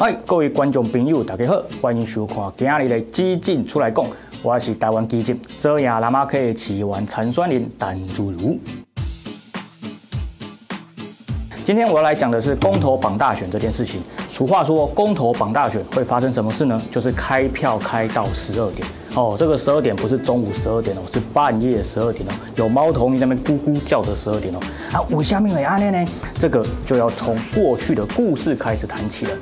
嗨，各位觀眾朋友，大家好，歡迎收看今日的《基進出來講》，我是台灣基進專業喇嘛可以起玩陳酸林陳主如，今天我要來講的是公投綁大選這件事情。俗話說，哦，公投綁大選會發生什麼事呢？就是開票開到十二點哦。這個十二點不是中午十二點哦，是半夜十二點哦。有貓頭鷹在那邊咕咕叫着十二點哦。啊，我下面要講呢，這個就要從過去的故事開始談起了。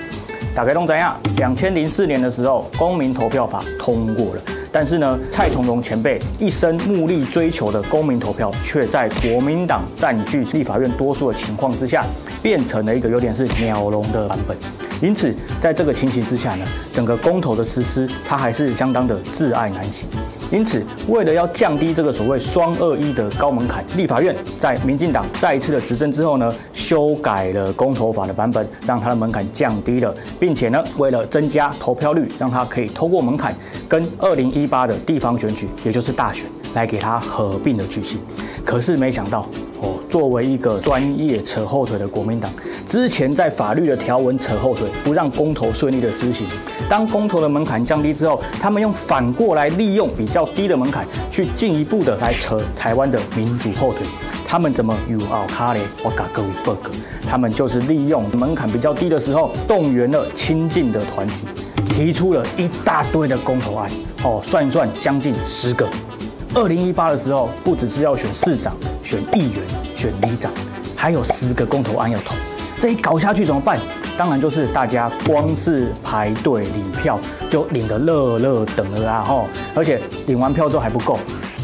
打開弄怎亞，兩千零四年的時候，公民投票法通過了，但是呢，蔡同榮前輩一生努力追求的公民投票，卻在國民黨占據立法院多數的情況之下，變成了一個有點是鳥籠的版本。因此，在這個情形之下呢，整個公投的實施，它還是相當的窒礙難行。因此，為了要降低這個所謂“雙二一”的高門檻，立法院在民進黨再一次的執政之後呢，修改了公投法的版本，讓它的門檻降低了，並且呢，為了增加投票率，讓它可以透過門檻跟二零一八的地方選舉，也就是大選來給它合併的舉行。可是沒想到，哦。作為一個專業扯後腿的國民黨，之前在法律的條文扯後腿，不讓公投順利的施行。當公投的門檻降低之後，他們用反過來利用比較低的門檻，去進一步的來扯台灣的民主後腿。他們怎麼有奧卡咧？我嘎各位講，他們就是利用門檻比較低的時候，動員了親近的團體，提出了一大堆的公投案。哦，算一算，將近十個。二零一八的時候，不只是要選市長，選議員，選里長，還有十個公投案要投，這一搞下去怎麼辦？當然就是大家光是排隊領票就領得樂樂等了啦吼，而且領完票之後還不夠，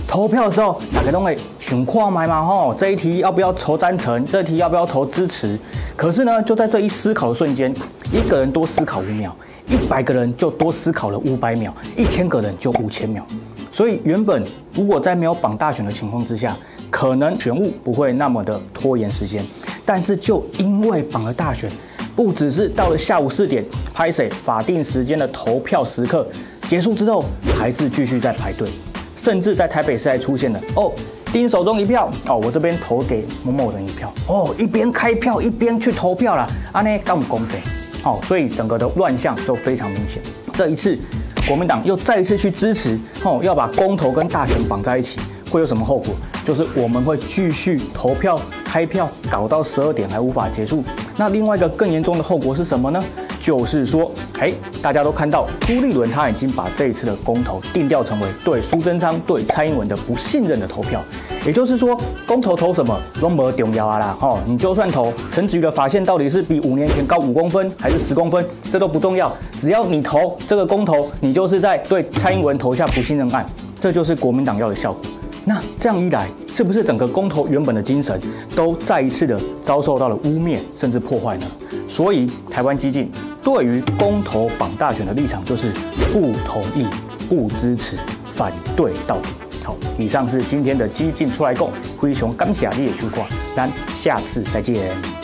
投票的時候大家都會選框買嘛吼，這一題要不要投贊成？這一題要不要投支持？可是呢，就在這一思考的瞬間，一個人多思考五秒，一百個人就多思考了五百秒，一千個人就五千秒。所以原本如果在沒有綁大選的情況之下，可能選務不會那麼的拖延時間，但是就因為綁了大選，不只是到了下午四點拍 a 法定時間的投票時刻結束之後，還是繼續在排隊，甚至在台北市還出現了哦，丁守中一票哦，我這邊投給某某人一票哦，一邊開票一邊去投票啦啊，那更公平哦，所以整個的亂象都非常明顯，這一次。國民黨又再一次去支持，吼、哦、要把公投跟大選綁在一起，會有什麼後果？就是我們會繼續投票、開票，搞到十二點還無法結束。那另外一個更嚴重的後果是什麼呢？就是說，誒，大家都看到朱立倫，他已經把這一次的公投定調成為對蘇貞昌、對蔡英文的不信任的投票。也就是說，公投投什麼都沒重要啊啦、哦，你就算投陳子瑜的髮線到底是比五年前高五公分還是十公分，這都不重要，只要你投這個公投，你就是在對蔡英文投下不信任案，這就是國民黨要的效果。那這樣一來，是不是整個公投原本的精神都再一次的遭受到了污蔑甚至破壞呢？所以，台灣基進。對於公投綁大選的立場，就是不同意、不支持、反對到底。好，以上是今天的基進出來講，灰熊剛寫列句話，咱下次再見。